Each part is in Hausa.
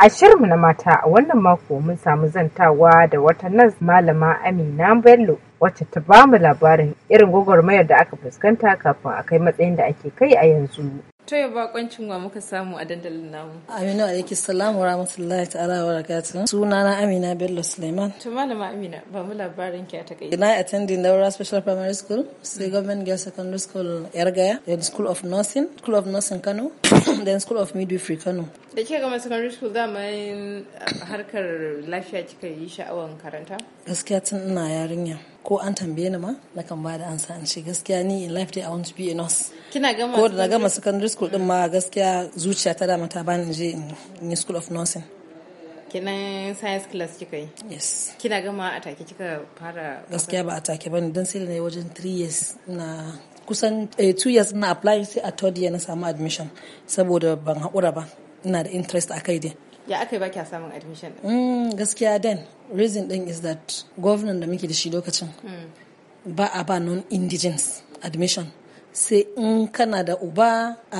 A shirinmu na mata a wannan mako mun samu zantawa da wata nas malama Amina Bello wacce ta bamu labarin irin gwagwarmayar da aka fuskanta kafin a kai matsayin da ake kai a yanzu. To ya kwancin wa muka samu a dandalin namu. Amina alaiki salamu rahmatullahi ta'ala wa Suna na Amina Bello Suleiman. To malama Amina ba mu labarin ki a takaice. Na attend Daura Special Primary School, sai Government Girls Secondary School Yargaya, then School of Nursing, School of Nursing Kano, then School of Midwifery Kano. Da kika gama secondary school za mu eh, harkar lafiya kika yi sha'awan karanta? Gaskiya tun ina yarinya. ko an tambaye ni ma na kan da ansa an ce gaskiya ni in life dai I want to be a nurse. Kina gama ko da na gama secondary school din ma gaskiya zuciya ta dama ta bani je in school of nursing kinan science class kika yi yes kina gama a take kika fara gaskiya ba a take bane dan sai da nayi wajen 3 years na kusan 2 eh, years na apply sai a third year na samu admission saboda ban haƙura ba ina da interest a kai dai ya aka yi ba kya samun admission mm, gaskiya then reason din is that governor da muke da shi lokacin mm. ba a ba non indigents admission sai in kana da uba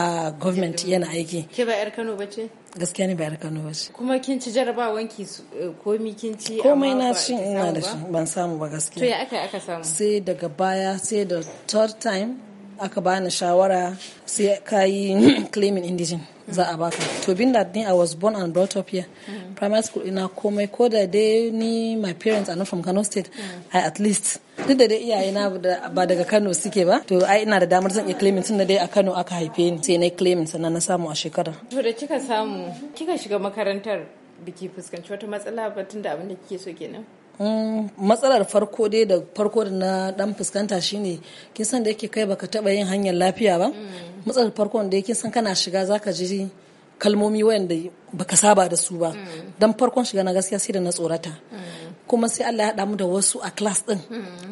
a government yana aiki ke ba yar kano bace gaskiya ne ba yar kano bace kuma kin ci jaraba wanki eh, komi kin ci komai na ci ina da shi ban samu ba gaskiya to ya aka aka samu sai daga baya sai da third time aka bani shawara sai ka yi claiming indigen za a baka to being that ni i was born and brought up here mm. primary school ina komai ko da dai ni my parents are not from kano state mm. i at least duk da dai iyaye na ba daga kano suke ba to ai ina da damar zan iya claiming tunda dai a kano aka haife ni sai na claiming sannan na samu a shekara to da kika samu kika shiga makarantar biki fuskanci wata matsala ba tunda abin da kike so kenan matsalar farko dai da farko da na dan fuskanta shine kin san da yake kai baka taba yin hanyar lafiya ba mm. matsalar farko da yake san kana shiga zaka ji kalmomi wayanda baka saba da su ba mm. dan farkon shiga na gaskiya sai da na tsorata mm. kuma sai Allah ya haɗa mu da wasu a class din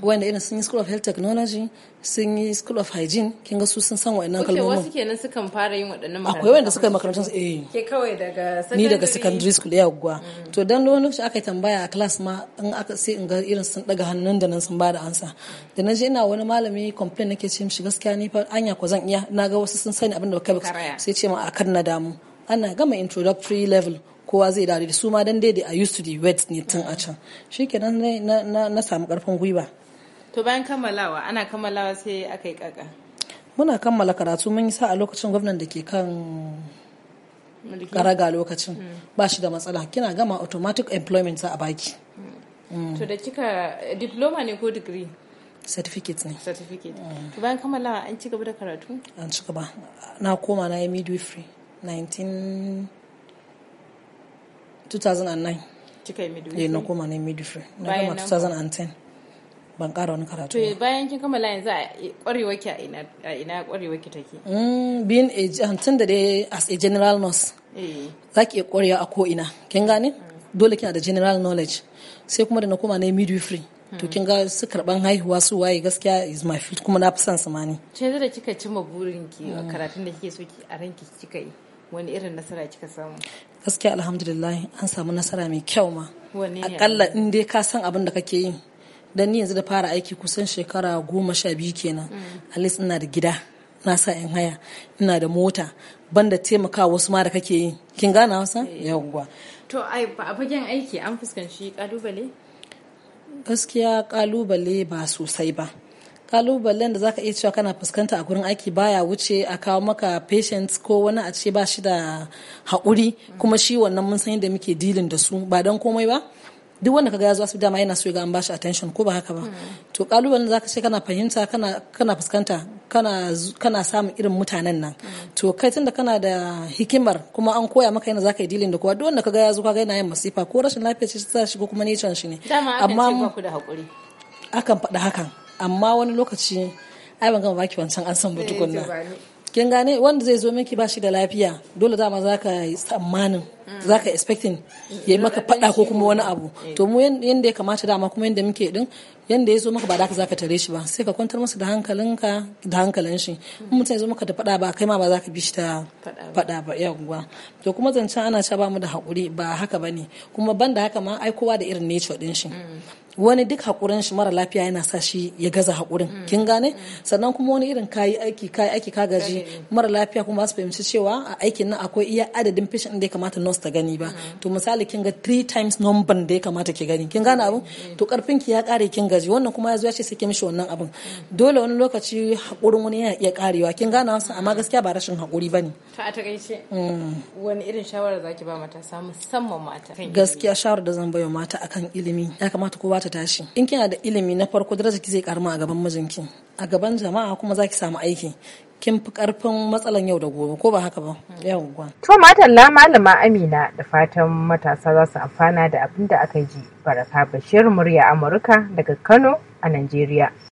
wanda irin sun yi school of health technology sun yi school of hygiene kin ga su sun san wa'annan kalmomin wasu kenan sukan fara yin waɗannan makarantu akwai wanda suka yi makarantun su eh ke kawai daga secondary ni daga secondary school ya gwa to dan lokacin aka yi tambaya a class ma in aka sai in ga irin sun daga hannun da nan sun ba da ansa da na je ina wani malami complain nake ce mishi gaskiya ni fa anya ko zan iya na ga wasu sun sani abin da kai sai ce ma a kan na damu ana gama introductory level kowa zai dare da su ma dan daidai a used to the wet ne tun a can shi shikenan na na samu karfin gwiwa to bayan kammalawa ana kammalawa sai aka yi kaka muna kammala karatu mun yi sa a lokacin gwamnan da ke kan karaga lokacin mm. ba shi da matsala kina gama automatic employment za a baki mm. to da kika diploma ne ko degree certificate ne certificate mm. to bayan kammala an ci gaba da karatu an ci gaba na koma na yi midwifery 19 2009 kika yi midwifery eh, na koma na midwifery na gama 2010 ban kara wani karatu ne. bayan kin kammala yanzu a kwarewa ki a ina kwarewa ki take mm being a um, tun da dai as a general nurse eh zaki iya ƙwarewa a ko ina kin gane mm. dole kina da general knowledge sai kuma da na koma na midwifery to mm. kin ga su karban haihuwa su waye gaskiya is my field kuma na fi son su mani ce da kika cimma burin ki karatun da kike so ki a ranki kika yi wani irin nasara kika samu gaskiya alhamdulillah an samu nasara mai kyau ma akalla in dai ka san abin da kake yi dan ni yanzu da fara aiki kusan shekara goma sha biyu kenan mm. at least ina da gida na sa in haya ina da mota banda taimaka wasu ma da kake yi kin gane wasa eh. yawwa to ai a fagen aiki an fuskanci kalubale gaskiya kalubale ba sosai ba kalubalen da zaka iya cewa kana fuskanta a gurin aiki baya wuce a kawo maka patients ko wani a ce ba shi da haƙuri kuma shi wannan mun san yadda muke dealing da su ba don komai ba duk wanda kaga ya zo asibiti dama yana so ga an bashi attention ko ba haka ba mm. to kalubalen zaka ce kana fahimta kana kana fuskanta kana kana samun irin mutanen nan mm. to kai tunda kana da hikimar kuma an koya maka yana zaka yi dealing da kowa duk wanda kaga ya zo kaga yana yin masifa ko rashin lafiya ce ta shigo kuma nature shi ne amma akan faɗa hakan amma wani lokaci ai ban gama baki wancan an san ba eh, tukunna kin gane wanda zai zo miki bashi da lafiya dole dama zaka yi tsammanin mm. zaka expecting ya yi maka fada ko kuma wani abu eh. to mu yanda ya kamata dama kuma yanda muke din yanda ya zo maka ba da zaka tare shi ba sai ka kwantar masa da hankalinka da hankalin shi in mutum ya zo maka da fada ba kai ma ba zaka bi shi ta fada ba yawwa to kuma zancen ana cewa ba mu da hakuri ba haka bane kuma banda haka ma ai kowa da irin nature din shi mm. wani duk hakurin shi mara lafiya yana sa shi ya gaza hakurin mm. kin gane mm. sannan kuma wani irin kayi aiki kayi aiki ka gaji mara lafiya kuma su fahimci cewa a aikin nan akwai iya adadin patient da ya kamata nurse ta gani ba mm. to misali kin ga 3 times number da ya kamata ki gani kin gane abin to karfin ki ya kare kin gaji wannan kuma ya zo ya ce sai ki mishi wannan abin dole wani lokaci hakurin wani yana iya karewa kin gane wasu amma gaskiya ba rashin hakuri bane to a takaice wani irin shawara zaki ba matasa musamman mata gaskiya shawara da zan bayo mata akan ilimi ya kamata kowa ta tashi in kina da ilimi na farko daraja ki zai karma a gaban mijinki a gaban jama'a kuma za ki samu aiki kin fi karfin matsalan yau da gobe ko ba haka ba yawwa to matalla malama amina da fatan matasa za su amfana da abin da aka ji baraka bashir murya amurka daga kano a najeriya